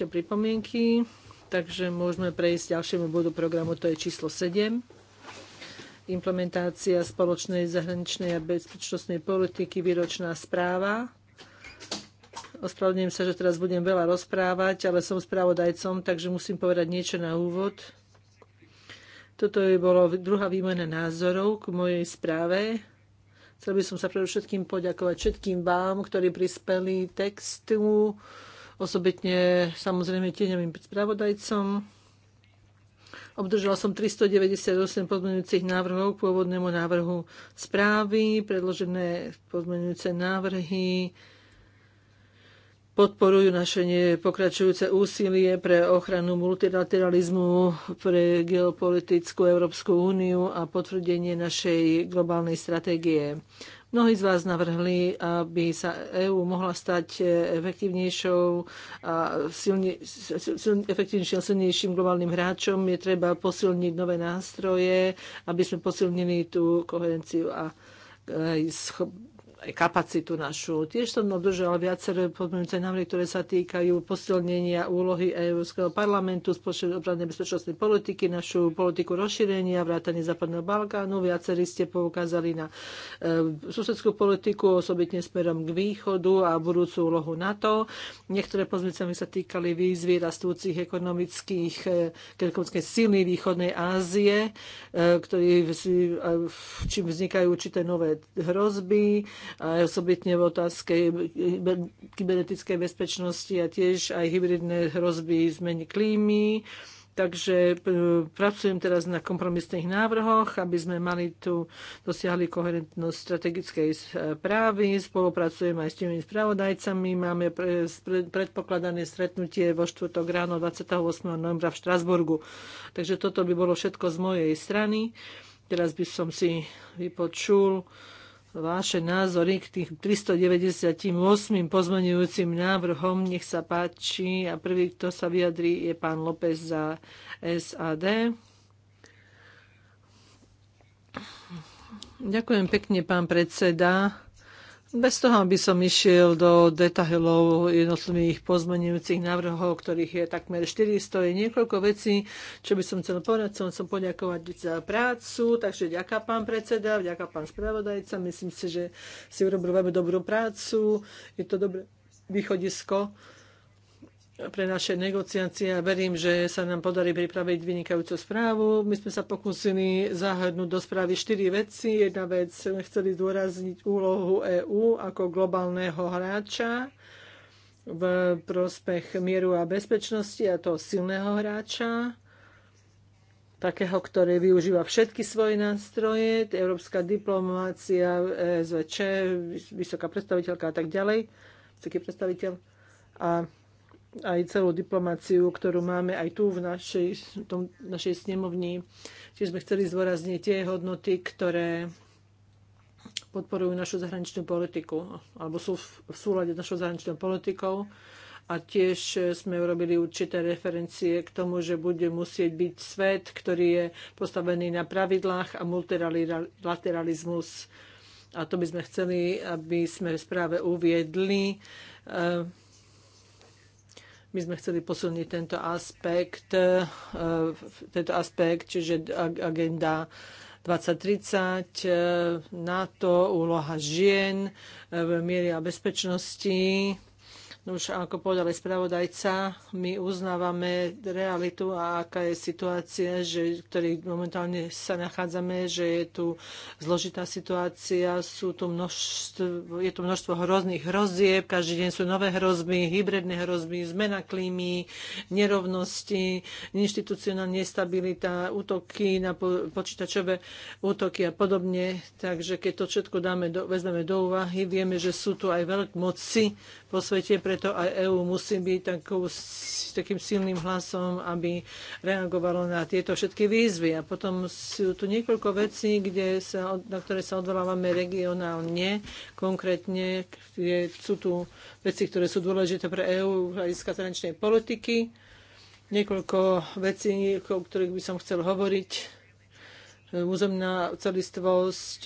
vaše pripomienky, takže môžeme prejsť ďalšiemu bodu programu, to je číslo 7. Implementácia spoločnej zahraničnej a bezpečnostnej politiky, výročná správa. Ospravedlňujem sa, že teraz budem veľa rozprávať, ale som správodajcom, takže musím povedať niečo na úvod. Toto je bolo druhá výmena názorov k mojej správe. Chcel by som sa predovšetkým poďakovať všetkým vám, ktorí prispeli textu, osobitne samozrejme tieňovým spravodajcom. Obdržala som 398 pozmeňujúcich návrhov k pôvodnému návrhu správy. Predložené pozmeňujúce návrhy podporujú naše pokračujúce úsilie pre ochranu multilateralizmu, pre geopolitickú Európsku úniu a potvrdenie našej globálnej stratégie. Mnohí z vás navrhli, aby sa EÚ mohla stať e, efektívnejšou a silne, silne, efektívnejším a silnejším globálnym hráčom. Je treba posilniť nové nástroje, aby sme posilnili tú koherenciu a aj e, schop, kapacitu našu. Tiež som obdržala viaceré podmienujúce návrhy, ktoré sa týkajú posilnenia úlohy Európskeho parlamentu, spoločnej obrannej bezpečnostnej politiky, našu politiku rozšírenia, vrátanie Západného Balkánu. Viacerí ste poukázali na e, susedskú politiku, osobitne smerom k východu a budúcu úlohu NATO. Niektoré pozmice sa týkali výzvy rastúcich ekonomických e, síly východnej Ázie, e, ktorý, e, čím vznikajú určité nové hrozby, osobitne v otázke kybernetickej bezpečnosti a tiež aj hybridné hrozby zmeny klímy. Takže e, pracujem teraz na kompromisných návrhoch, aby sme mali tu dosiahli koherentnosť strategickej správy. E, Spolupracujem aj s tými spravodajcami. Máme predpokladané stretnutie vo štvrtok ráno 28. novembra v Štrasburgu. Takže toto by bolo všetko z mojej strany. Teraz by som si vypočul vaše názory k tých 398 pozmenujúcim návrhom. Nech sa páči. A prvý, kto sa vyjadrí, je pán López za SAD. Ďakujem pekne, pán predseda. Bez toho, aby som išiel do detailov jednotlivých pozmenujúcich návrhov, ktorých je takmer 400, je niekoľko vecí, čo by som chcel povedať. Chcel som poďakovať za prácu, takže ďaká pán predseda, ďaká pán spravodajca. Myslím si, že si urobil veľmi dobrú prácu. Je to dobré východisko pre naše negociácie a verím, že sa nám podarí pripraviť vynikajúcu správu. My sme sa pokúsili zahrnúť do správy štyri veci. Jedna vec, sme chceli zdôrazniť úlohu EÚ ako globálneho hráča v prospech mieru a bezpečnosti a to silného hráča takého, ktorý využíva všetky svoje nástroje, európska diplomácia, e SVČ, vysoká predstaviteľka a tak ďalej, vysoký predstaviteľ. A aj celú diplomáciu, ktorú máme aj tu v našej, v tom, našej snemovni. Čiže sme chceli zvorazniť tie hodnoty, ktoré podporujú našu zahraničnú politiku alebo sú v, v súlade s našou zahraničnou politikou. A tiež sme urobili určité referencie k tomu, že bude musieť byť svet, ktorý je postavený na pravidlách a multilateralizmus. A to by sme chceli, aby sme v správe uviedli eh, my sme chceli posilniť tento aspekt, e, tento aspekt, čiže agenda 2030, e, NATO, úloha žien, e, miery a bezpečnosti, už ako povedal spravodajca, my uznávame realitu a aká je situácia, že, ktorých momentálne sa nachádzame, že je tu zložitá situácia, sú tu množstvo, je tu množstvo hrozných hrozieb, každý deň sú nové hrozby, hybridné hrozby, zmena klímy, nerovnosti, inštitucionálna nestabilita, útoky na počítačové útoky a podobne. Takže keď to všetko dáme do, vezmeme do úvahy, vieme, že sú tu aj veľk moci po svete, preto aj EÚ musí byť takou, takým silným hlasom, aby reagovalo na tieto všetky výzvy. A potom sú tu niekoľko vecí, kde sa, na ktoré sa odvolávame regionálne. Konkrétne je, sú tu veci, ktoré sú dôležité pre EÚ hľadiska zahraničnej politiky. Niekoľko vecí, o ktorých by som chcel hovoriť. Územná celistvosť,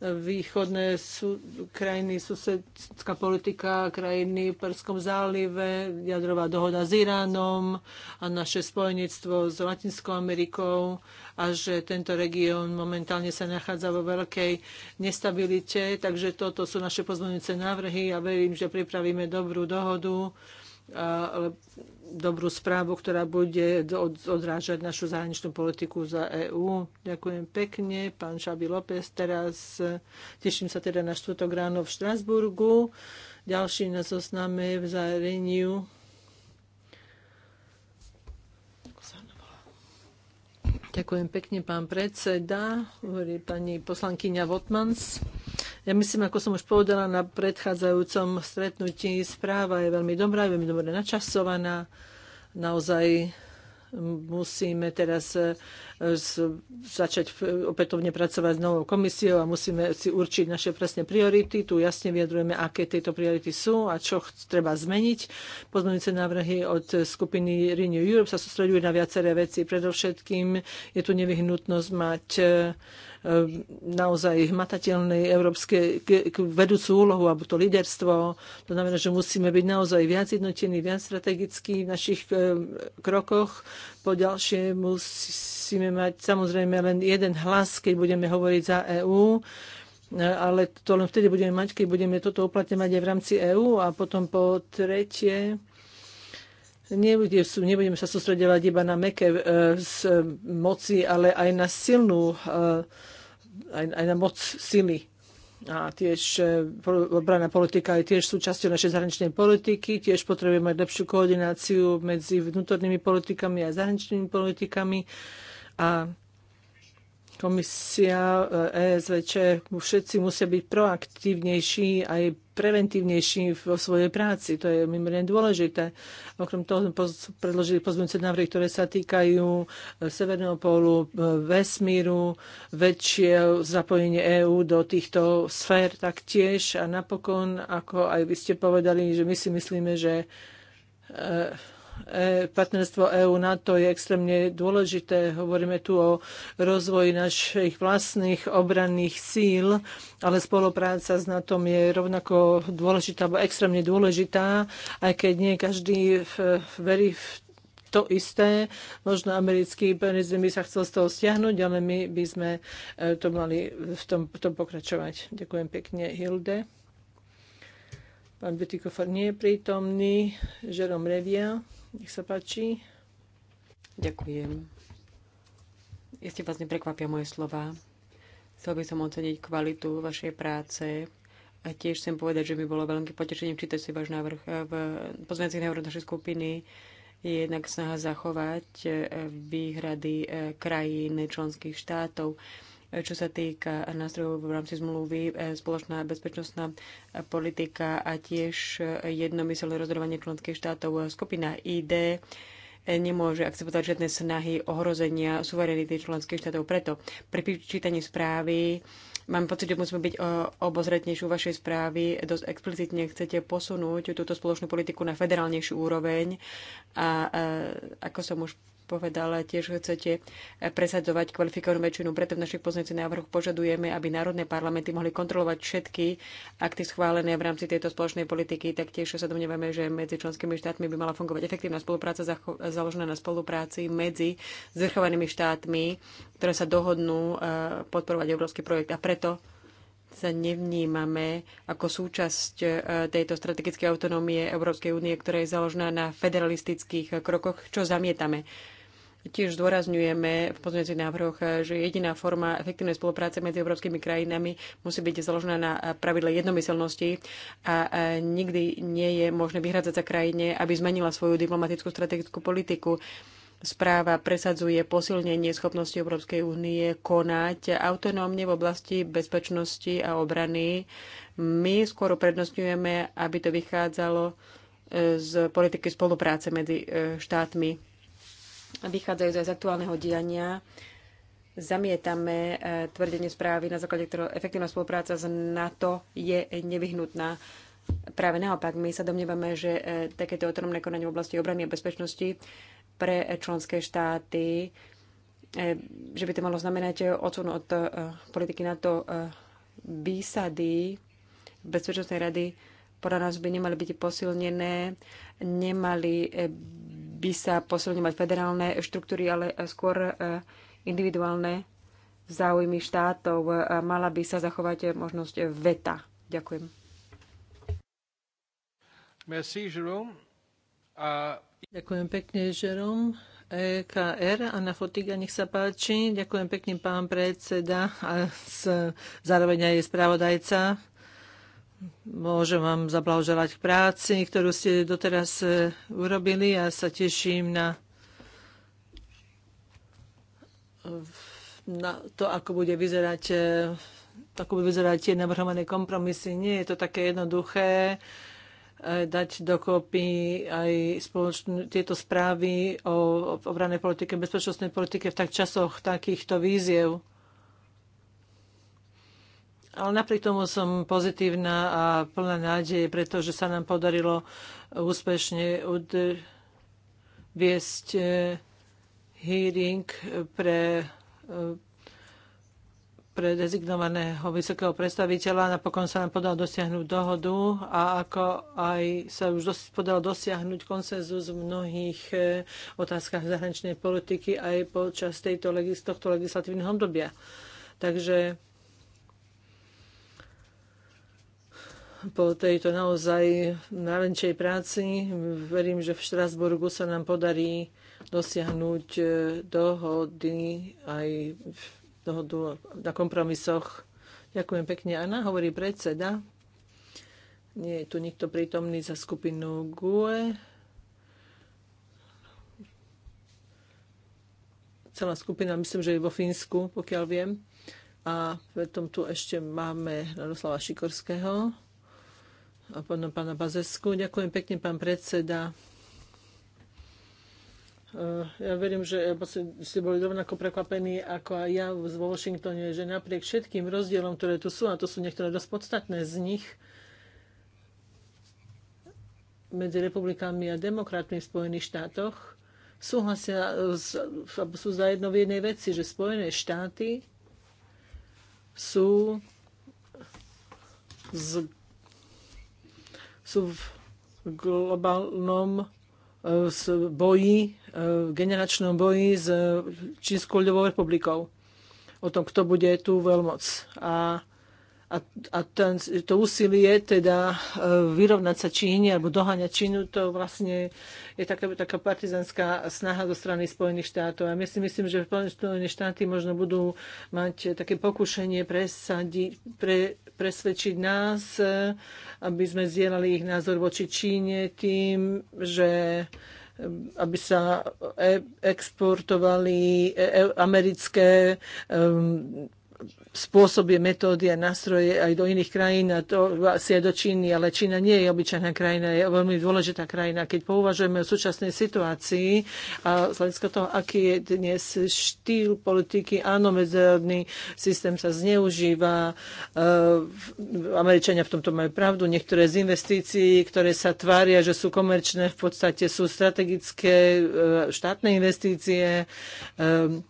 východné sú, krajiny, susedská politika, krajiny v Perskom zálive, jadrová dohoda s Iránom a naše spojenectvo s Latinskou Amerikou a že tento región momentálne sa nachádza vo veľkej nestabilite. Takže toto sú naše pozmeňujúce návrhy a verím, že pripravíme dobrú dohodu dobrú správu, ktorá bude odrážať našu zahraničnú politiku za EÚ. Ďakujem pekne, pán Šabi López. Teraz e, teším sa teda na štvrtok ráno v Štrasburgu. Ďalší na zozname v zareniu. Ďakujem pekne, pán predseda, hovorí pani poslankyňa Votmans. Ja myslím, ako som už povedala na predchádzajúcom stretnutí, správa je veľmi dobrá, je veľmi dobre načasovaná. Naozaj musíme teraz začať opätovne pracovať s novou komisiou a musíme si určiť naše presne priority. Tu jasne vyjadrujeme, aké tieto priority sú a čo treba zmeniť. Pozmeňujúce návrhy od skupiny Renew Europe sa sústredujú na viaceré veci. Predovšetkým je tu nevyhnutnosť mať e, naozaj hmatateľnej európske vedúcu úlohu alebo to líderstvo. To znamená, že musíme byť naozaj viac jednotení, viac strategickí v našich e, krokoch. Po ďalšie musíme budeme mať samozrejme len jeden hlas, keď budeme hovoriť za EÚ ale to len vtedy budeme mať, keď budeme toto uplatňovať aj v rámci EÚ a potom po tretie nebude, nebudeme sa sústredovať iba na meké z e, e, moci, ale aj na silnú, e, aj, aj na moc sily. A tiež obranná politika je tiež súčasťou našej zahraničnej politiky, tiež potrebujeme mať lepšiu koordináciu medzi vnútornými politikami a zahraničnými politikami a komisia ESVČ, e všetci musia byť proaktívnejší aj preventívnejší vo svojej práci. To je mimoriadne dôležité. Okrem toho sme predložili pozmeňujúce návrhy, ktoré sa týkajú e, Severného pólu, e, vesmíru, väčšie zapojenie EÚ do týchto sfér taktiež. A napokon, ako aj vy ste povedali, že my si myslíme, že E, partnerstvo EU-NATO je extrémne dôležité. Hovoríme tu o rozvoji našich vlastných obranných síl, ale spolupráca s NATO je rovnako dôležitá, alebo extrémne dôležitá, aj keď nie každý verí v to isté. Možno americký prezident by sa chcel z toho stiahnuť, ale my by sme e, to mali v tom, v tom pokračovať. Ďakujem pekne, Hilde. Pán Betikofer nie je prítomný. Žerom Revia. Nech sa páči. Ďakujem. Ešte vás neprekvapia moje slova. Chcel by som oceniť kvalitu vašej práce a tiež chcem povedať, že mi bolo veľmi potešením čítať si váš návrh eh, v pozmeňacích návrh našej skupiny je jednak snaha zachovať eh, výhrady eh, krajín členských štátov čo sa týka nástrojov v rámci zmluvy, e, spoločná bezpečnostná politika a tiež e, jednomyselné rozhodovanie členských štátov. Skupina ID e, nemôže akceptovať žiadne snahy ohrozenia suverenity členských štátov. Preto pri čítaní správy mám pocit, že musíme byť obozretnejší u vašej správy. Dosť explicitne chcete posunúť túto spoločnú politiku na federálnejšiu úroveň a, ako som už povedal, tiež chcete presadzovať kvalifikovanú väčšinu. Preto v našich pozícií návrhoch požadujeme, aby národné parlamenty mohli kontrolovať všetky akty schválené v rámci tejto spoločnej politiky. Taktiež sa domnievame, že medzi členskými štátmi by mala fungovať efektívna spolupráca založená na spolupráci medzi zvrchovanými štátmi, ktoré sa dohodnú e, podporovať európsky projekt. A preto sa nevnímame ako súčasť e, tejto strategickej autonómie Európskej únie, ktorá je založená na federalistických krokoch, čo zamietame. Tiež zdôrazňujeme v pozmeňujúcich návrhoch, že jediná forma efektívnej spolupráce medzi európskymi krajinami musí byť založená na pravidle jednomyselnosti a nikdy nie je možné vyhradzať sa krajine, aby zmenila svoju diplomatickú strategickú politiku. Správa presadzuje posilnenie schopnosti Európskej únie konať autonómne v oblasti bezpečnosti a obrany. My skôr uprednostňujeme, aby to vychádzalo e, z politiky spolupráce medzi e, štátmi vychádzajú aj z aktuálneho diania. Zamietame e, tvrdenie správy, na základe ktorého efektívna spolupráca s NATO je nevyhnutná. Práve naopak, my sa domnievame, že e, takéto autonómne konanie v oblasti obrany a bezpečnosti pre členské štáty, e, že by to malo znamenať odsun od politiky NATO výsady Bezpečnostnej rady podľa nás by nemali byť posilnené, nemali by sa posilne mať federálne štruktúry, ale skôr e, individuálne záujmy štátov. E, mala by sa zachovať možnosť veta. Ďakujem. Merci, Jerome. A... Ďakujem pekne, Jerome. EKR. Anna Fotiga, nech sa páči. Ďakujem pekne, pán predseda a z, zároveň aj spravodajca. Môžem vám zablahoželať k práci, ktorú ste doteraz e, urobili a sa teším na, na to, ako bude vyzerať e, ako budú vyzerať tie navrhované kompromisy. Nie je to také jednoduché e, dať dokopy aj spoločn- tieto správy o obranej politike, bezpečnostnej politike v tak časoch takýchto víziev. Ale napriek tomu som pozitívna a plná nádeje, pretože sa nám podarilo úspešne viesť e, hearing pre e, pre dezignovaného vysokého predstaviteľa. Napokon sa nám podal dosiahnuť dohodu a ako aj sa už dos- podalo dosiahnuť konsenzus v mnohých e, otázkach zahraničnej politiky aj počas tejto, tohto legislatívneho obdobia. Takže po tejto naozaj náročnej práci. Verím, že v Štrasburgu sa nám podarí dosiahnuť e, dohody aj dohodu na kompromisoch. Ďakujem pekne. Anna hovorí predseda. Nie je tu nikto prítomný za skupinu GUE. Celá skupina, myslím, že je vo Fínsku, pokiaľ viem. A potom tu ešte máme Radoslava Šikorského pána Bazesku. Ďakujem pekne, pán predseda. Eh, ja verím, že ste boli rovnako prekvapení ako aj ja vo Washingtone, že napriek všetkým rozdielom, ktoré tu sú, a to sú niektoré dosť podstatné z nich, medzi republikami a demokratmi v Spojených štátoch súhlasia, sú zajedno v jednej veci, že Spojené štáty sú z sú v globálnom e, boji, v e, generačnom boji s Čínskou ľudovou republikou. O tom, kto bude tu veľmoc. A a, a ten, to úsilie teda e, vyrovnať sa Číne alebo doháňať Čínu, to vlastne je taká, taká partizanská snaha zo strany Spojených štátov. A my si myslím, že Spojené štáty možno budú mať také pokušenie presadiť, pre, presvedčiť nás, e, aby sme zdieľali ich názor voči Číne tým, že e, aby sa exportovali americké spôsoby, metódy a nástroje aj do iných krajín, a to asi aj do Číny, ale Čína nie je obyčajná krajina, je veľmi dôležitá krajina. Keď pouvažujeme o súčasnej situácii a z hľadiska toho, aký je dnes štýl politiky, áno, medzinárodný systém sa zneužíva, e, Američania v tomto majú pravdu, niektoré z investícií, ktoré sa tvária, že sú komerčné, v podstate sú strategické e, štátne investície, e,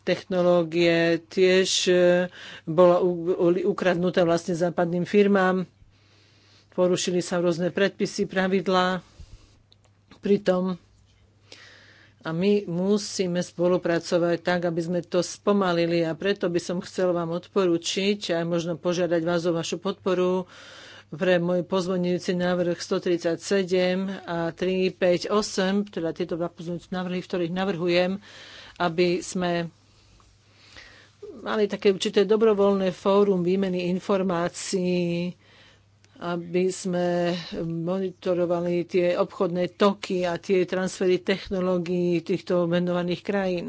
technológie tiež bola ukradnutá vlastne západným firmám. Porušili sa rôzne predpisy, pravidlá. Pritom a my musíme spolupracovať tak, aby sme to spomalili a preto by som chcel vám odporúčiť a možno požiadať vás o vašu podporu pre môj pozvonujúci návrh 137 a 358, teda tieto dva pozvonujúce návrhy, v ktorých navrhujem, aby sme mali také určité dobrovoľné fórum výmeny informácií, aby sme monitorovali tie obchodné toky a tie transfery technológií týchto menovaných krajín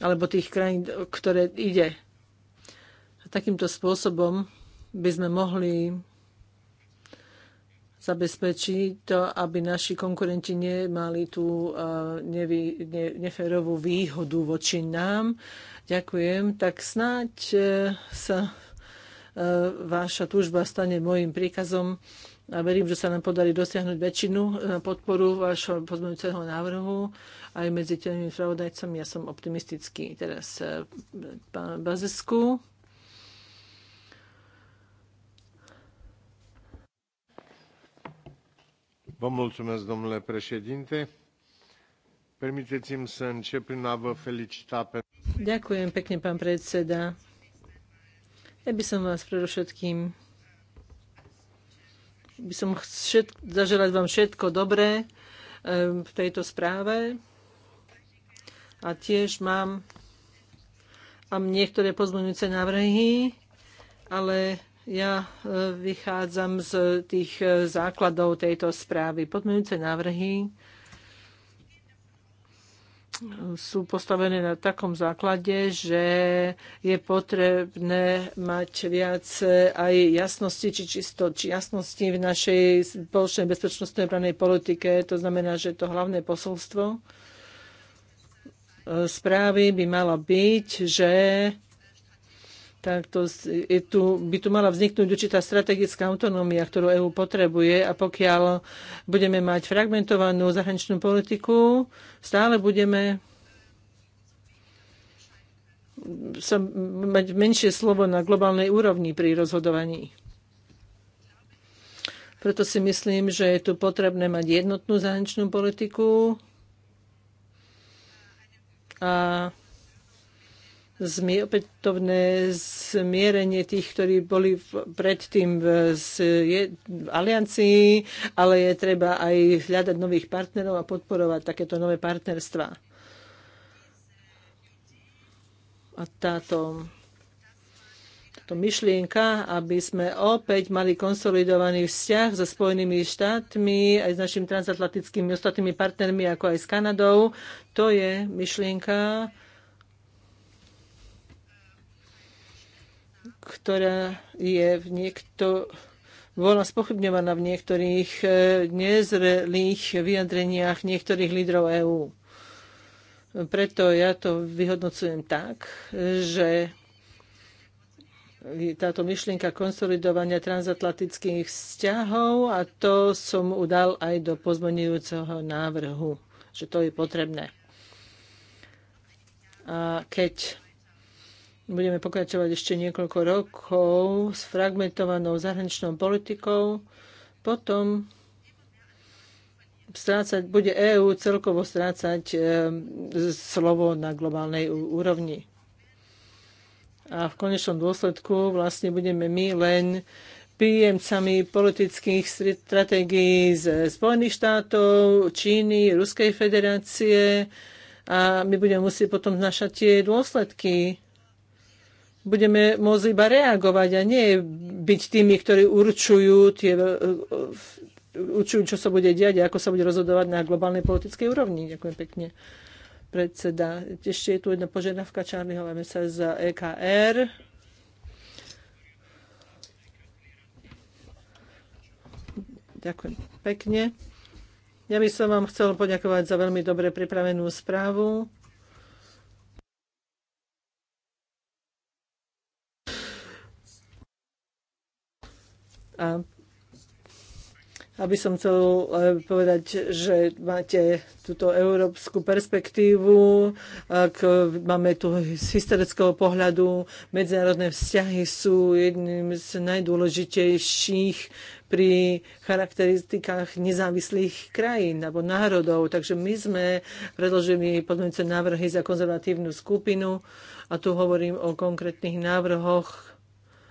alebo tých krajín, ktoré ide. A takýmto spôsobom by sme mohli zabezpečiť to, aby naši konkurenti nemali tú nevy, ne, neférovú výhodu voči nám. Ďakujem. Tak snáď e, sa e, vaša túžba stane môjim príkazom a verím, že sa nám podarí dosiahnuť väčšinu podporu vášho pozmeňujúceho návrhu aj medzi tými spravodajcami. Ja som optimistický teraz e, pán Bazesku. Vă mulțumesc, domnule președinte Ďakujem pekne, pán predseda. Ja by som vás predovšetkým by som všet, zaželať vám všetko dobré eh, v tejto správe. A tiež mám, mám niektoré pozmeňujúce návrhy, ale ja eh, vychádzam z tých eh, základov tejto správy. Pozmeňujúce návrhy sú postavené na takom základe, že je potrebné mať viac eh, aj jasnosti, či čisto či jasnosti v našej spoločnej bezpečnostnej obranej politike. To znamená, že to hlavné posolstvo eh, správy by malo byť, že tak to, je tu, by tu mala vzniknúť určitá strategická autonómia, ktorú EÚ potrebuje a pokiaľ budeme mať fragmentovanú zahraničnú politiku, stále budeme sa mať menšie slovo na globálnej úrovni pri rozhodovaní. Preto si myslím, že je tu potrebné mať jednotnú zahraničnú politiku a zmi- opätovné zmierenie tých, ktorí boli v, predtým v, je, v aliancii, ale je treba aj hľadať nových partnerov a podporovať takéto nové partnerstvá. A táto táto myšlienka, aby sme opäť mali konsolidovaný vzťah so Spojenými štátmi, aj s našimi transatlantickými ostatnými partnermi, ako aj s Kanadou. To je myšlienka, ktorá je v niekto bola spochybňovaná v niektorých e, nezrelých vyjadreniach niektorých lídrov EÚ. Preto ja to vyhodnocujem tak, že táto myšlienka konsolidovania transatlantických vzťahov a to som udal aj do pozmenujúceho návrhu, že to je potrebné. A keď budeme pokračovať ešte niekoľko rokov s fragmentovanou zahraničnou politikou, potom strácať, bude EÚ celkovo strácať e, slovo na globálnej úrovni. A v konečnom dôsledku vlastne budeme my len príjemcami politických stratégií z Spojených štátov, Číny, Ruskej federácie a my budeme musieť potom znašať tie dôsledky budeme môcť iba reagovať a nie byť tými, ktorí určujú, tie, určujú, čo sa bude diať a ako sa bude rozhodovať na globálnej politickej úrovni. Ďakujem pekne, predseda. Ešte je tu jedna požiadavka Charlieho sa za EKR. Ďakujem pekne. Ja by som vám chcel poďakovať za veľmi dobre pripravenú správu. A aby som chcel e, povedať, že máte túto európsku perspektívu, ak máme tu z historického pohľadu medzinárodné vzťahy sú jedným z najdôležitejších pri charakteristikách nezávislých krajín alebo národov. Takže my sme predložili podmienujúce návrhy za konzervatívnu skupinu a tu hovorím o konkrétnych návrhoch,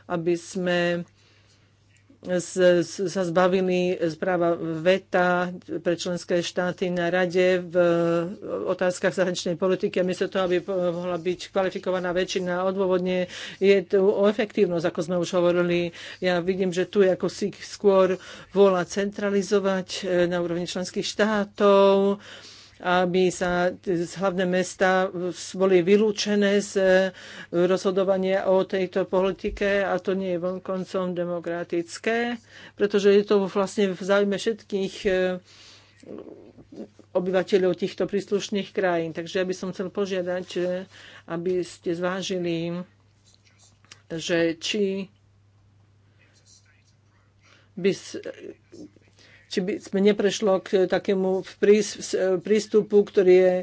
aby sme sa zbavili správa VETA pre členské štáty na rade v otázkach zahraničnej politiky a miesto toho, aby mohla byť kvalifikovaná väčšina odôvodne, je tu o efektívnosť, ako sme už hovorili. Ja vidím, že tu je ako si skôr vôľa centralizovať eh, na úrovni členských štátov aby sa hlavné mesta boli vylúčené z e, rozhodovania o tejto politike a to nie je vonkoncom demokratické, pretože je to vlastne v záujme všetkých e, obyvateľov týchto príslušných krajín. Takže ja by som chcel požiadať, e, aby ste zvážili, že či by či by sme neprešlo k takému prístupu, ktorý je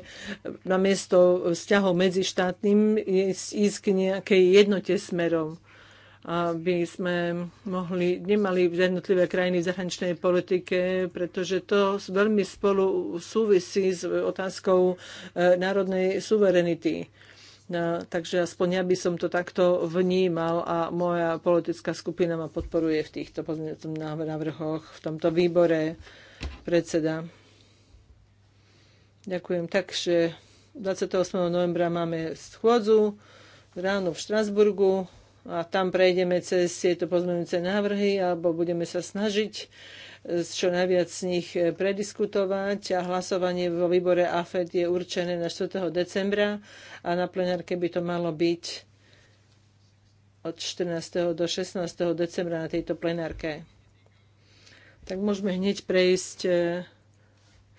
na miesto vzťahov medzištátnym, ísť k nejakej jednote smerom aby sme mohli, nemali jednotlivé krajiny v zahraničnej politike, pretože to veľmi spolu súvisí s otázkou e, národnej suverenity takže aspoň ja by som to takto vnímal a moja politická skupina ma podporuje v týchto návrhoch, v tomto výbore predseda. Ďakujem. Takže 28. novembra máme schôdzu ráno v Štrasburgu a tam prejdeme cez tieto pozmeňujúce návrhy alebo budeme sa snažiť čo najviac z nich e, prediskutovať a hlasovanie vo výbore AFED je určené na 4. decembra a na plenárke by to malo byť od 14. do 16. decembra na tejto plenárke. Tak môžeme hneď prejsť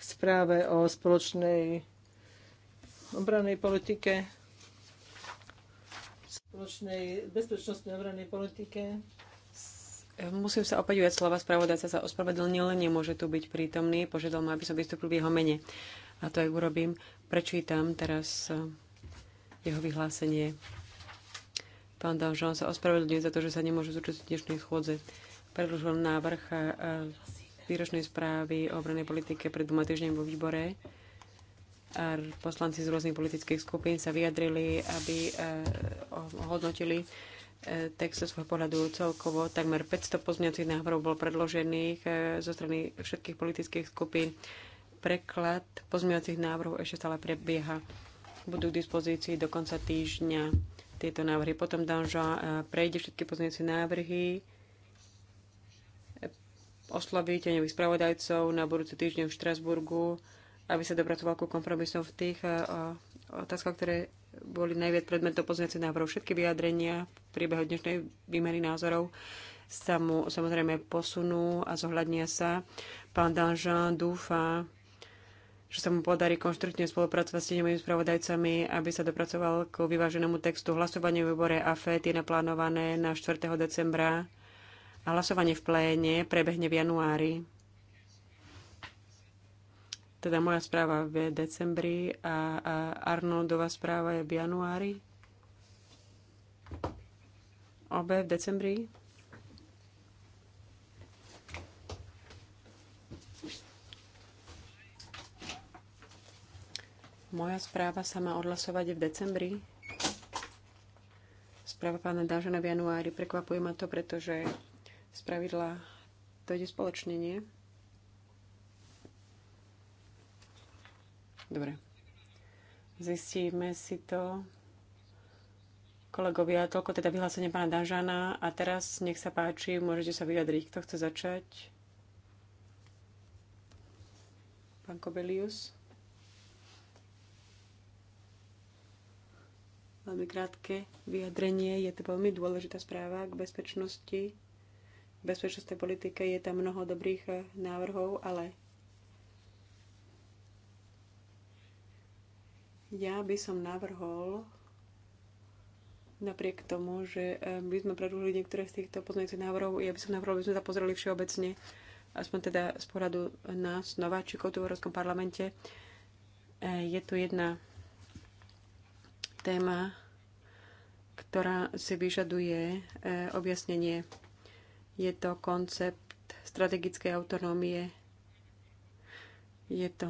v e, správe o spoločnej obranej politike spoločnej bezpečnostnej obrannej politike. Musím sa opäť ujať slova spravodajca sa ospravedlnil, nemôže tu byť prítomný, požiadal ma, aby som vystúpil v jeho mene. A to aj urobím. Prečítam teraz e, jeho vyhlásenie. Pán Danžon sa ospravedlňuje za to, že sa nemôže zúčastniť dnešnej schôdze. Predložil návrh e, výročnej správy o obranej politike pred dvoma týždňami vo výbore. A poslanci z rôznych politických skupín sa vyjadrili, aby e, hodnotili E, text zo svojho pohľadu celkovo takmer 500 pozmeňovacích návrhov bol predložených e, zo strany všetkých politických skupín. Preklad pozmeňovacích návrhov ešte stále prebieha. Budú k dispozícii do konca týždňa tieto návrhy. Potom Danža e, prejde všetky pozmeňovacie návrhy osloví teňových spravodajcov na budúci týždeň v Štrasburgu, aby sa dopracoval ku kompromisom v tých otázkach, ktoré boli najviac predmetov pozmeňovacích návrhov. Všetky vyjadrenia v priebehu dnešnej výmeny názorov sa mu samozrejme posunú a zohľadnia sa. Pán Danžan dúfa, že sa mu podarí konštruktívne spolupracovať s tými spravodajcami, aby sa dopracoval k vyváženému textu. Hlasovanie v výbore AFET je naplánované na 4. decembra a hlasovanie v pléne prebehne v januári teda moja správa v decembri a, a Arnoldova správa je v januári. Obe v decembri. Moja správa sa má odhlasovať v decembri. Správa pána Dážana v januári. Prekvapuje ma to, pretože spravidla to ide spoločne, nie? Dobre. Zistíme si to. Kolegovia, toľko teda vyhlásenie pána Danžana. A teraz nech sa páči, môžete sa vyjadriť. Kto chce začať? Pán Kobelius. Veľmi krátke vyjadrenie. Je to veľmi dôležitá správa k bezpečnosti. V bezpečnostnej politike je tam mnoho dobrých eh, návrhov, ale Ja by som navrhol, napriek tomu, že e, by sme predložili niektoré z týchto pozmeňujúcich návrhov, ja by som navrhol, aby sme sa pozreli všeobecne, aspoň teda z pohľadu nás, nováčikov tu v Európskom parlamente. E, je tu jedna téma, ktorá si vyžaduje e, objasnenie. Je to koncept strategickej autonómie. Je to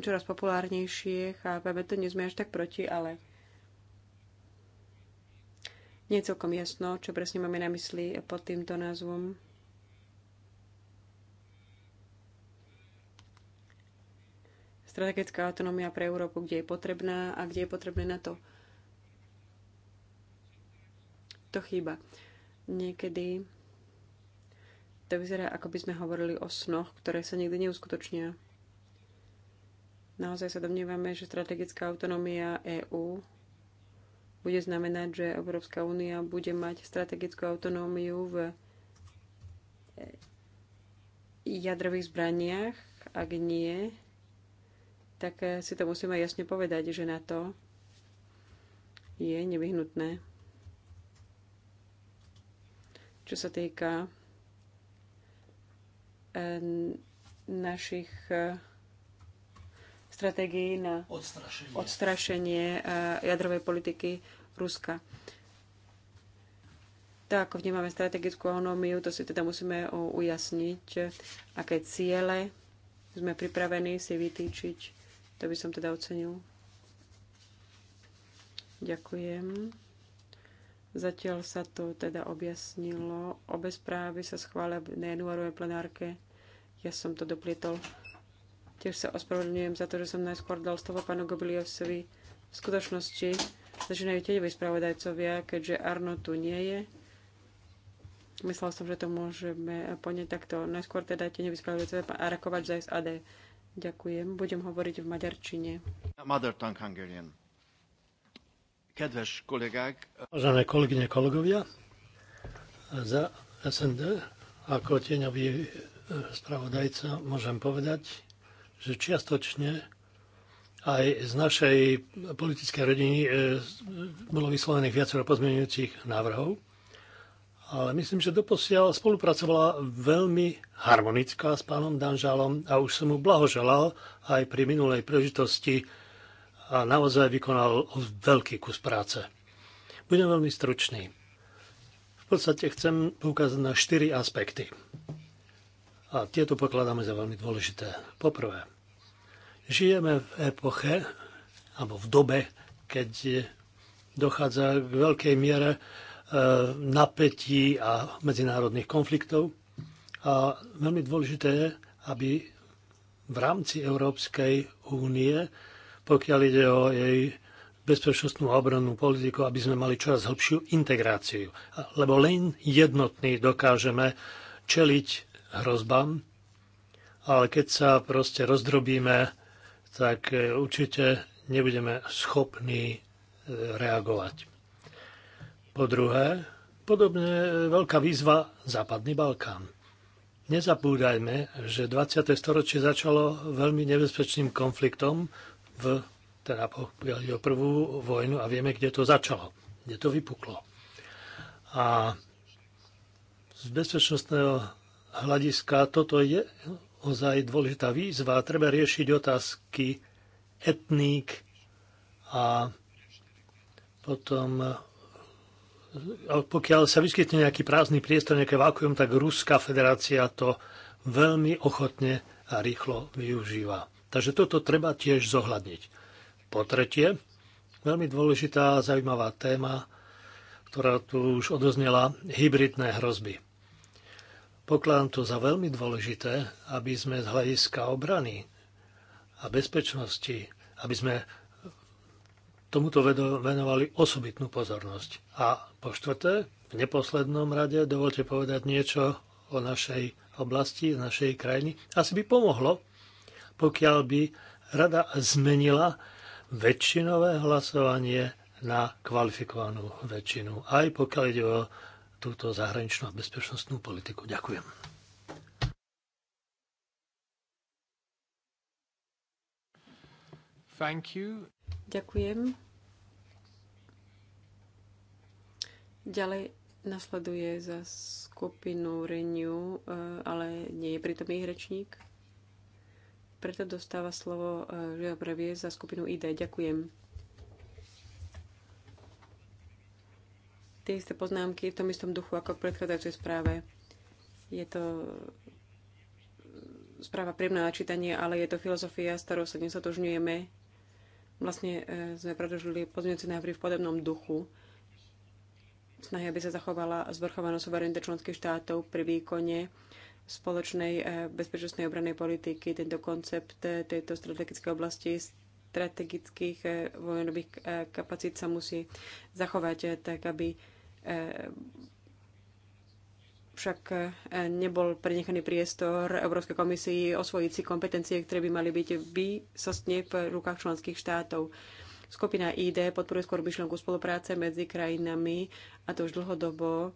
čoraz populárnejšie, chápeme to, nie sme až tak proti, ale nie je celkom jasno, čo presne máme na mysli pod týmto názvom. Strategická autonómia pre Európu, kde je potrebná a kde je potrebné na to. To chýba. Niekedy to vyzerá, ako by sme hovorili o snoch, ktoré sa nikdy neuskutočnia. Naozaj sa domnievame, že strategická autonómia EÚ bude znamenať, že Európska únia bude mať strategickú autonómiu v jadrových zbraniach. Ak nie, tak si to musíme jasne povedať, že na to je nevyhnutné. Čo sa týka eh, našich eh, stratégii na odstrašenie, odstrašenie e, jadrovej politiky Ruska. Tak, ako vnímame strategickú autonómiu, to si teda musíme ujasniť, aké ciele sme pripravení si vytýčiť. To by som teda ocenil. Ďakujem. Zatiaľ sa to teda objasnilo. Obe správy sa schvália na januárovej plenárke. Ja som to doplietol. Tiež sa ospravedlňujem za to, že som najskôr dal slovo pánu Gobiliosovi. V skutočnosti začínajú tieňoví spravodajcovia, keďže Arno tu nie je. Myslel som, že to môžeme poneť takto. Najskôr teda tieňoví spravodajcovia pán Arakovač za SAD. Ďakujem. Budem hovoriť v maďarčine. Mother tongue Hungarian. Kedves kolegák. Vážené kolegyne, kolegovia, za SND ako tieňový spravodajca môžem povedať, že čiastočne aj z našej politickej rodiny e, bolo vyslovených viacero pozmeňujúcich návrhov, ale myslím, že doposiaľ spolupracovala veľmi harmonická s pánom Danžalom a už som mu blahoželal aj pri minulej príležitosti a naozaj vykonal veľký kus práce. Budem veľmi stručný. V podstate chcem poukázať na štyri aspekty. A tieto pokladáme za veľmi dôležité. Poprvé, žijeme v epoche, alebo v dobe, keď dochádza k veľkej miere e, napätí a medzinárodných konfliktov. A veľmi dôležité je, aby v rámci Európskej únie, pokiaľ ide o jej bezpečnostnú a obrannú politiku, aby sme mali čoraz hĺbšiu integráciu. Lebo len jednotný dokážeme čeliť hrozbám, ale keď sa proste rozdrobíme, tak e, určite nebudeme schopní e, reagovať. Po druhé, podobne e, veľká výzva Západný Balkán. Nezabúdajme, že 20. storočie začalo veľmi nebezpečným konfliktom v teda po prvú vojnu a vieme, kde to začalo, kde to vypuklo. A z bezpečnostného hľadiska toto je ozaj dôležitá výzva. Treba riešiť otázky etník a potom pokiaľ sa vyskytne nejaký prázdny priestor, nejaké vákuum, tak Ruská federácia to veľmi ochotne a rýchlo využíva. Takže toto treba tiež zohľadniť. Po tretie, veľmi dôležitá a zaujímavá téma, ktorá tu už odoznela, hybridné hrozby. Pokladám to za veľmi dôležité, aby sme z hľadiska obrany a bezpečnosti, aby sme tomuto venovali osobitnú pozornosť. A po štvrté, v neposlednom rade, dovolte povedať niečo o našej oblasti, našej krajiny. Asi by pomohlo, pokiaľ by rada zmenila väčšinové hlasovanie na kvalifikovanú väčšinu. Aj pokiaľ ide o túto zahraničnú a bezpečnostnú politiku. Ďakujem. Thank you. Ďakujem. Ďalej nasleduje za skupinu Renew, eh, ale nie je pritom ich rečník. Preto dostáva slovo Žia eh, Brevie za skupinu ID. Ďakujem. tie isté poznámky v tom istom duchu ako v predchádzajúcej správe. Je to správa príjemná na čítanie, ale je to filozofia, s ktorou sa otožňujeme. Vlastne e, sme predložili pozmeňujúce návrhy v podobnom duchu. Snahy, aby sa zachovala zvrchovanosť suverenita členských štátov pri výkone spoločnej e, bezpečnostnej obranej politiky, tento koncept e, tejto strategické oblasti strategických vojnových kapacít sa musí zachovať tak, aby E, však e, nebol prenechaný priestor Európskej komisii osvojiť si kompetencie, ktoré by mali byť výsostne v rukách členských štátov. Skupina ID podporuje skôr myšlenku spolupráce medzi krajinami a to už dlhodobo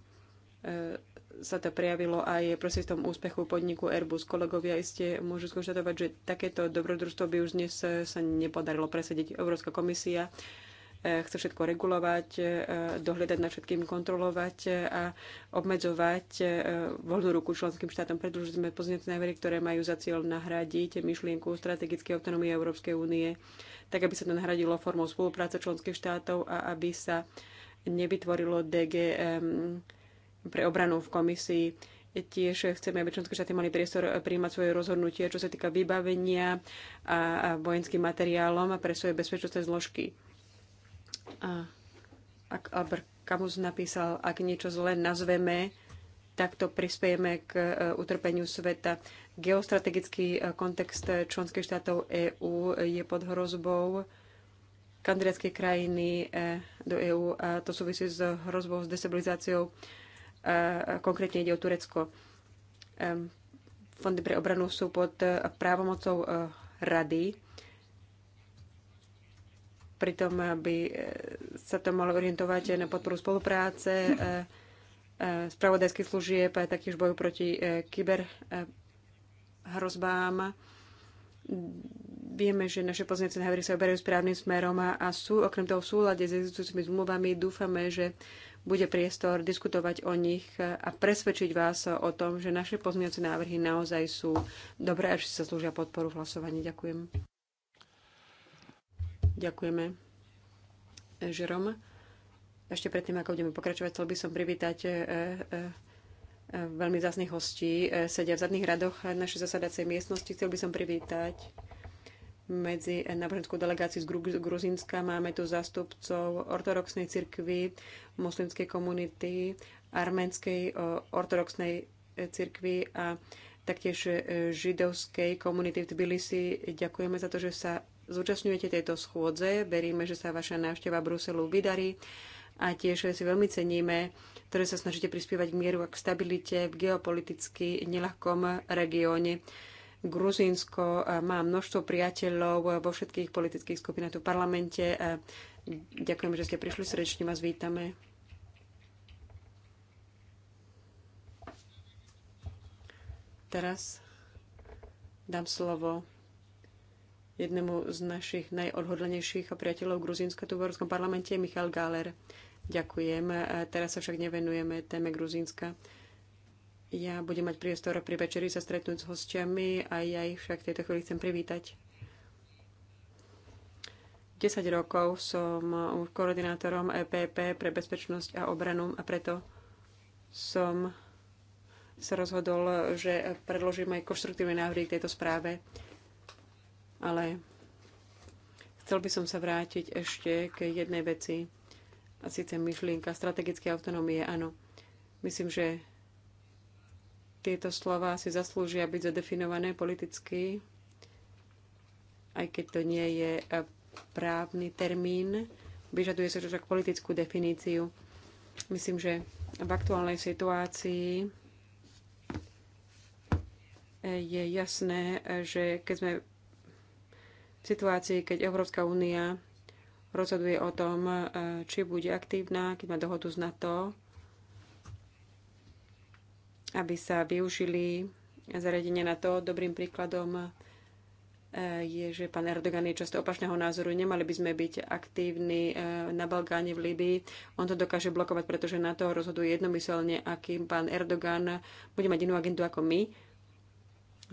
e, sa to prejavilo aj tom úspechu podniku Airbus. Kolegovia iste môžu skonštatovať, že takéto dobrodružstvo by už dnes sa nepodarilo presediť Európska komisia E, chce všetko regulovať, e, dohľadať na všetkým, kontrolovať e, a obmedzovať voľnú ruku členským štátom. pretože sme pozniecné návery, ktoré majú za cieľ nahradiť myšlienku strategickej autonómie Európskej únie, tak aby sa to nahradilo formou spolupráce členských štátov a aby sa nevytvorilo DG pre obranu v komisii. Tiež chceme, aby členské štáty mali priestor príjmať svoje rozhodnutie, čo sa týka vybavenia a vojenským materiálom a pre svoje bezpečnostné zložky a ak Albert Camus napísal, ak niečo zle nazveme, takto prispiejeme k e, utrpeniu sveta. Geostrategický e, kontext e, členských štátov EÚ je pod hrozbou kandidátskej krajiny do EÚ a to súvisí s hrozbou, s destabilizáciou. Konkrétne ide o Turecko. Fondy pre obranu sú pod právomocou rady Pritom by e, sa to malo orientovať na podporu spolupráce, e, e, spravodajských služieb, taktiež boju proti kyberhrozbám. Vieme, že naše pozniece návrhy sa oberajú správnym smerom a sú okrem toho v súlade s existujúcimi zmluvami. Dúfame, že bude priestor diskutovať o nich a presvedčiť vás o tom, že naše pozmeňujúce návrhy naozaj sú dobré a že sa slúžia podporu v hlasovaní. Ďakujem. Ďakujeme. Žerom, ešte predtým, ako budeme pokračovať, chcel by som privítať e, e, e, veľmi zásnych hostí. Sedia v zadných radoch našej zasadacej miestnosti. Chcel by som privítať medzi náboženskou delegáciu z Gruzínska. Máme tu zástupcov ortodoxnej cirkvy, moslimskej komunity, arménskej ortodoxnej cirkvy a taktiež e, židovskej komunity v Tbilisi. Ďakujeme za to, že sa zúčastňujete tejto schôdze. Veríme, že sa vaša návšteva Bruselu vydarí a tiež si veľmi ceníme, ktoré sa snažíte prispievať k mieru a k stabilite v geopoliticky nelahkom regióne. Gruzínsko e, má množstvo priateľov vo všetkých politických skupinách tu v parlamente. E, ďakujem, že ste prišli srdečne, vás vítame. teraz dám slovo jednému z našich a priateľov Gruzínska tu v Európskom parlamente, Michal Gáler. Ďakujem. E, teraz sa však nevenujeme téme Gruzínska. Ja budem mať priestor pri večeri sa stretnúť s hostiami a ja ich však v tejto chvíli chcem privítať. 10 rokov som koordinátorom EPP pre bezpečnosť a obranu a preto som sa rozhodol, že predložím aj konštruktívne návrhy k tejto správe, ale chcel by som sa vrátiť ešte k jednej veci, a síce myšlienka strategické autonómie. Áno, myslím, že tieto slova si zaslúžia byť zadefinované politicky, aj keď to nie je právny termín, vyžaduje sa však politickú definíciu. Myslím, že v aktuálnej situácii je jasné, že keď sme v situácii, keď Európska únia rozhoduje o tom, e, či bude aktívna, keď má dohodu z NATO, aby sa využili zariadenia na to. Dobrým príkladom e, je, že pán Erdogan je často opačného názoru. Nemali by sme byť aktívni e, na Balkáne, v Líbii. On to dokáže blokovať, pretože na to rozhoduje jednomyselne, akým pán Erdogan bude mať inú agendu ako my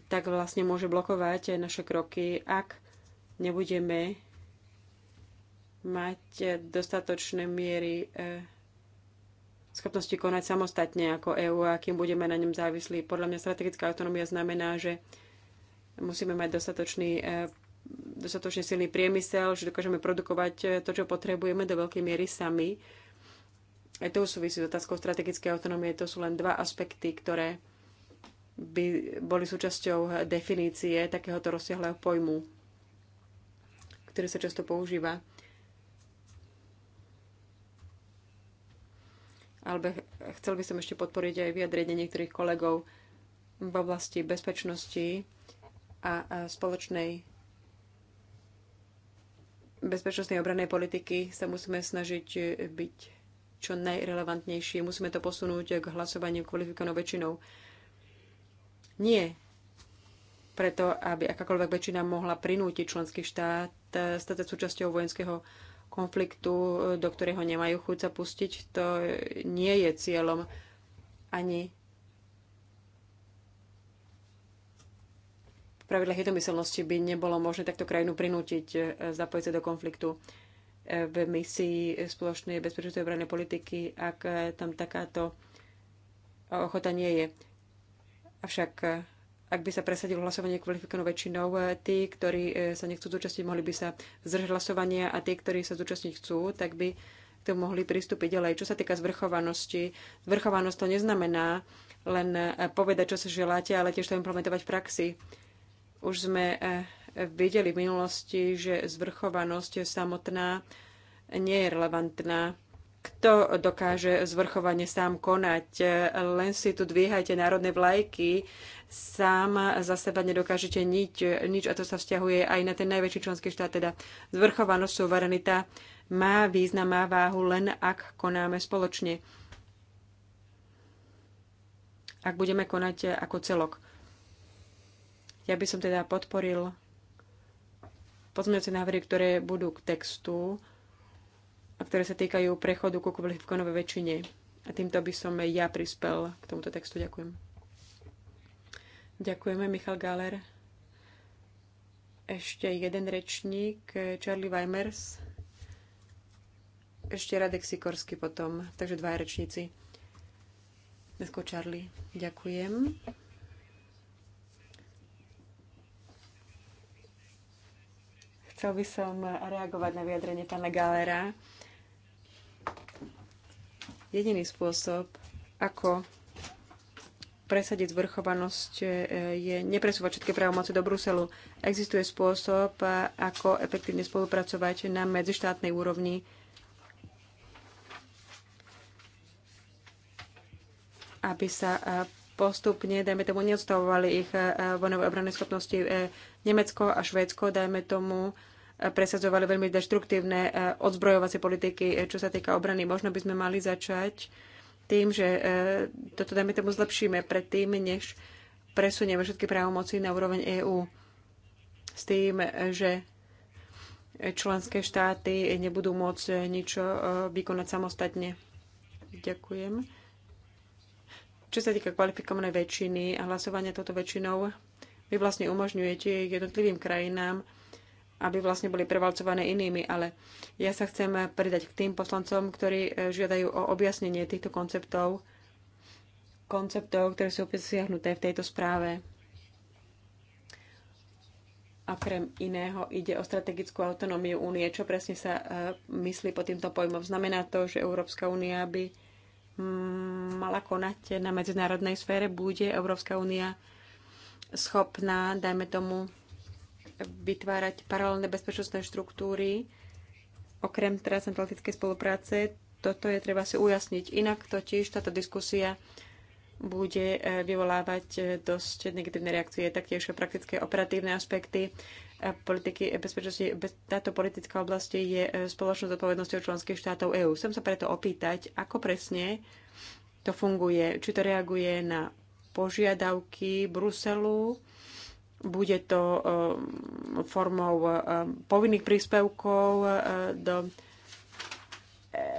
tak vlastne môže blokovať naše kroky, ak nebudeme mať dostatočné miery e, schopnosti konať samostatne ako EÚ a kým budeme na ňom závislí. Podľa mňa strategická autonómia znamená, že musíme mať dostatočný, e, dostatočne silný priemysel, že dokážeme produkovať e, to, čo potrebujeme do veľkej miery sami. Aj to súvisí s otázkou strategickej autonómie. To sú len dva aspekty, ktoré by boli súčasťou definície takéhoto rozsiahleho pojmu, ktorý sa často používa. Ale chcel by som ešte podporiť aj vyjadrenie niektorých kolegov v oblasti bezpečnosti a spoločnej bezpečnostnej obranej politiky sa musíme snažiť byť čo najrelevantnejší. Musíme to posunúť k hlasovaniu kvalifikovanou väčšinou nie preto, aby akákoľvek väčšina mohla prinútiť členský štát e, stať súčasťou vojenského konfliktu, e, do ktorého nemajú chuť sa pustiť. To nie je cieľom ani v pravidlách jednomyselnosti by nebolo možné takto krajinu prinútiť e, zapojiť sa do konfliktu v misii spoločnej bezpečnostnej obrannej politiky, ak tam takáto ochota nie je. Avšak eh, ak by sa presadilo hlasovanie kvalifikovanou väčšinou, eh, tí, ktorí eh, sa nechcú zúčastniť, mohli by sa zdržať hlasovania a tí, ktorí sa zúčastniť chcú, tak by k tomu mohli pristúpiť ďalej. Čo sa týka zvrchovanosti, zvrchovanosť to neznamená len povedať, čo si želáte, ale tiež to implementovať v praxi. Už sme videli v minulosti, že zvrchovanosť samotná nie je relevantná kto dokáže zvrchovane sám konať? Len si tu dvíhajte národné vlajky, sám za seba nedokážete nič, nič a to sa vzťahuje aj na ten najväčší členský štát, teda zvrchovanosť, suverenita má význam, má váhu len ak konáme spoločne. Ak budeme konať ako celok. Ja by som teda podporil pozmeňujúce návrhy, ktoré budú k textu ktoré sa týkajú prechodu ku kvalifikovanej väčšine. A týmto by som ja prispel k tomuto textu. Ďakujem. Ďakujeme, Michal Galer. Ešte jeden rečník, Charlie Weimers. Ešte Radek Sikorsky potom, takže dva rečníci. Dnesko Charlie. Ďakujem. Chcel by som reagovať na vyjadrenie pána Galera Jediný spôsob, ako presadiť zvrchovanosť, e, je nepresúvať všetky právomoci do Bruselu. Existuje spôsob, e, ako efektívne spolupracovať na medzištátnej úrovni. aby sa e, postupne, dajme tomu, neodstavovali ich vojnové obranné schopnosti. Nemecko a Švédsko, dajme tomu, presadzovali veľmi deštruktívne eh, odzbrojovacie politiky, eh, čo sa týka obrany. Možno by sme mali začať tým, že eh, toto, dajme tomu, zlepšíme predtým, než presunieme všetky právomoci na úroveň EÚ s tým, že členské štáty nebudú môcť ničo vykonať samostatne. Ďakujem. Čo sa týka kvalifikovanej väčšiny a hlasovania toto väčšinou, vy vlastne umožňujete jednotlivým krajinám aby vlastne boli prevalcované inými, ale ja sa chcem pridať k tým poslancom, ktorí e, žiadajú o objasnenie týchto konceptov, konceptov, ktoré sú obsiahnuté v tejto správe. A krem iného ide o strategickú autonómiu únie. Čo presne sa e, myslí pod týmto pojmom? Znamená to, že Európska únia by mm, mala konať na medzinárodnej sfére? Bude Európska únia schopná, dajme tomu, vytvárať paralelné bezpečnostné štruktúry, okrem transatlantickej spolupráce. Toto je treba si ujasniť. Inak totiž táto diskusia bude e, vyvolávať e, dosť negatívne reakcie, taktiež praktické operatívne aspekty e, politiky bezpečnosti. Táto politická oblasť je spoločnou zodpovednosťou členských štátov EÚ. Chcem sa preto opýtať, ako presne to funguje, či to reaguje na požiadavky Bruselu, bude to um, formou um, povinných príspevkov uh, do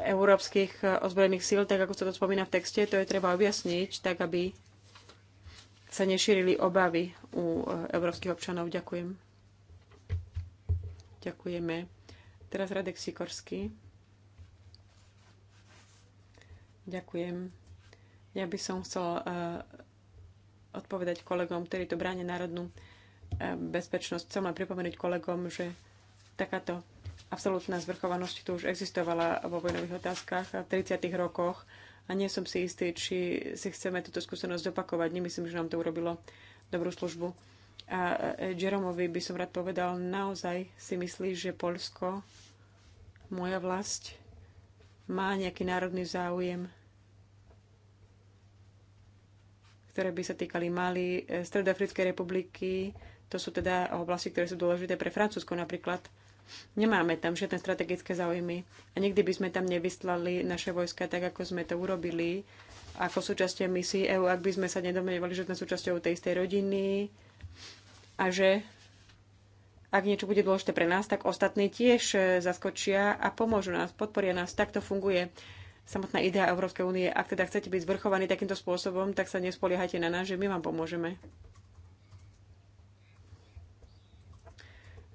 európskych uh, ozbrojených síl, tak ako sa to spomína v texte, to je treba objasniť, tak aby sa nešírili obavy u uh, európskych občanov. Ďakujem. Ďakujeme. Teraz Radek Sikorský. Ďakujem. Ja by som chcel odpovedať kolegom, ktorí to bráne národnú bezpečnosť. Chcem len pripomenúť kolegom, že takáto absolútna zvrchovanosť tu už existovala vo vojnových otázkach v 30. rokoch a nie som si istý, či si chceme túto skúsenosť opakovať. Nemyslím, že nám to urobilo dobrú službu. A e, Jeromovi by som rád povedal, naozaj si myslí, že Polsko, moja vlast, má nejaký národný záujem, ktoré by sa týkali Mali, e, Stredoafrickej republiky, to sú teda oblasti, ktoré sú dôležité pre Francúzsko napríklad. Nemáme tam žiadne strategické záujmy a nikdy by sme tam nevyslali naše vojska tak, ako sme to urobili ako súčasťou misií EÚ, ak by sme sa nedomenovali, že sme súčasťou tej istej rodiny a že ak niečo bude dôležité pre nás, tak ostatní tiež e, zaskočia a pomôžu nás, podporia nás. Takto funguje samotná idea Európskej únie. Ak teda chcete byť zvrchovaní takýmto spôsobom, tak sa nespoliehajte na nás, že my vám pomôžeme.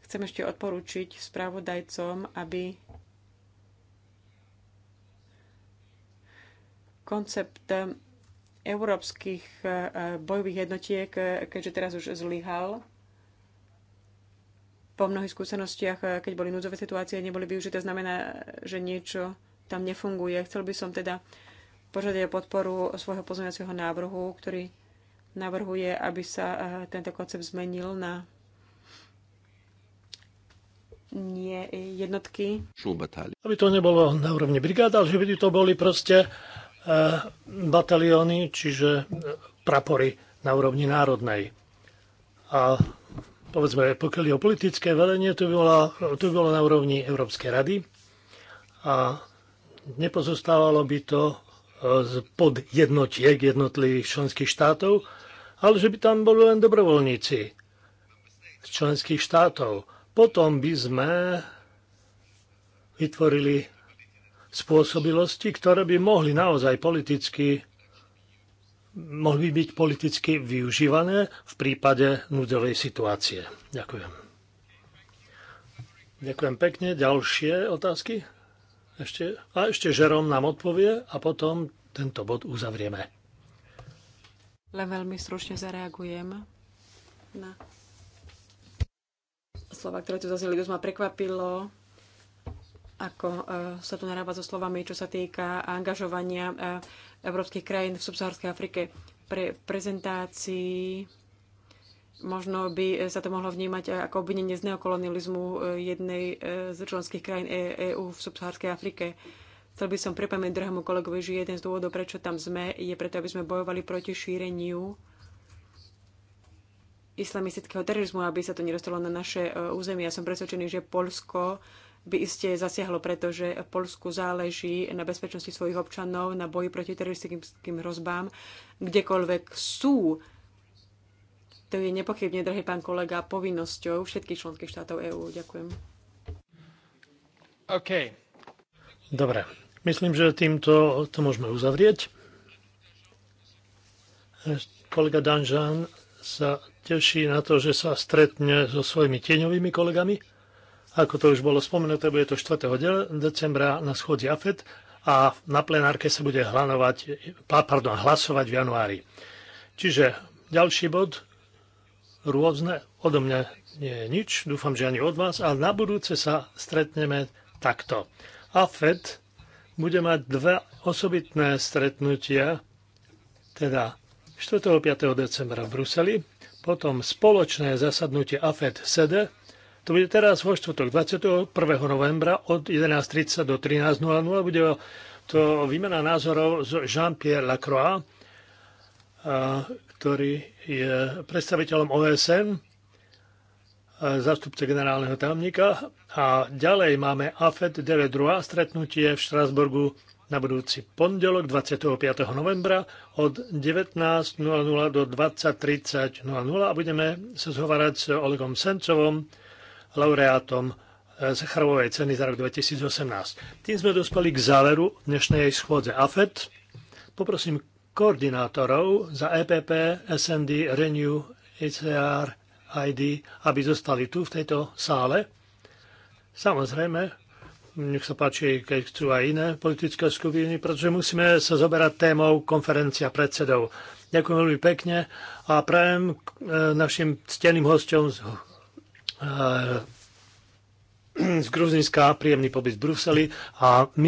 Chcem ešte odporúčiť správodajcom, aby koncept eh, európskych eh, bojových jednotiek, eh, keďže teraz už zlyhal, po mnohých skúsenostiach, keď boli núdzové situácie, neboli využité, znamená, že niečo tam nefunguje. Chcel by som teda požiadať o podporu svojho pozmeňovacieho návrhu, ktorý navrhuje, aby sa tento koncept zmenil na nie jednotky. Aby to nebolo na úrovni brigád, ale že by to boli proste e, batalióny, čiže e, prapory na úrovni národnej. A povedzme, pokiaľ je o politické velenie, to by, bola, to by bolo na úrovni Európskej rady a nepozostávalo by to e, pod jednotiek jednotlivých členských štátov, ale že by tam boli len dobrovoľníci z členských štátov potom by sme vytvorili spôsobilosti, ktoré by mohli naozaj politicky mohli byť politicky využívané v prípade núdzovej situácie. Ďakujem. Ďakujem pekne. Ďalšie otázky? Ešte? A ešte Žerom nám odpovie a potom tento bod uzavrieme. Len veľmi stručne zareagujem na slova, ktoré tu zazneli, dosť ma prekvapilo, ako e, sa tu narába so slovami, čo sa týka angažovania e, európskych krajín v subsaharskej Afrike. Pre prezentácii možno by sa to mohlo vnímať e, ako obvinenie z neokolonializmu jednej z členských krajín EÚ v subsaharskej Afrike. Chcel by som pripomenúť drahému kolegovi, že jeden z dôvodov, prečo tam sme, je preto, aby sme bojovali proti šíreniu islamistického terorizmu, aby sa to nedostalo na naše e, územie. Ja som presvedčený, že Polsko by iste zasiahlo, pretože Polsku záleží na bezpečnosti svojich občanov, na boji proti teroristickým hrozbám, kdekoľvek sú. To je nepochybne, drahý pán kolega, povinnosťou všetkých členských štátov EÚ. Ďakujem. OK. Dobre. Myslím, že týmto to môžeme uzavrieť. Kolega Danžan sa teší na to, že sa stretne so svojimi tieňovými kolegami. Ako to už bolo spomenuté, bude to 4. decembra na schodzi AFED a na plenárke sa bude hlanovať, pardon, hlasovať v januári. Čiže ďalší bod, rôzne, odo mňa nie je nič, dúfam, že ani od vás, a na budúce sa stretneme takto. AFED bude mať dve osobitné stretnutia, teda 4. a 5. decembra v Bruseli potom spoločné zasadnutie AFED SED. To bude teraz vo štvrtok 21. novembra od 11.30 do 13.00. Bude to výmena názorov z Jean-Pierre Lacroix, ktorý je predstaviteľom OSN zastupce generálneho tajomníka. A ďalej máme AFED 9.2 stretnutie v Štrasburgu na budúci pondelok 25. novembra od 19.00 do 20.30.00 a budeme sa zhovárať s Olegom Sencovom, laureátom eh, Sacharovej ceny za rok 2018. Tým sme dospeli k záveru dnešnej schôdze AFET. Poprosím koordinátorov za EPP, SND, Renew, ICR, ID, aby zostali tu v tejto sále. Samozrejme, nech sa páči, keď chcú aj iné politické skupiny, pretože musíme sa zoberať témou konferencia predsedov. Ďakujem veľmi pekne a prajem e, našim cteným hosťom z, e, z Gruzinska príjemný pobyt v Bruseli a my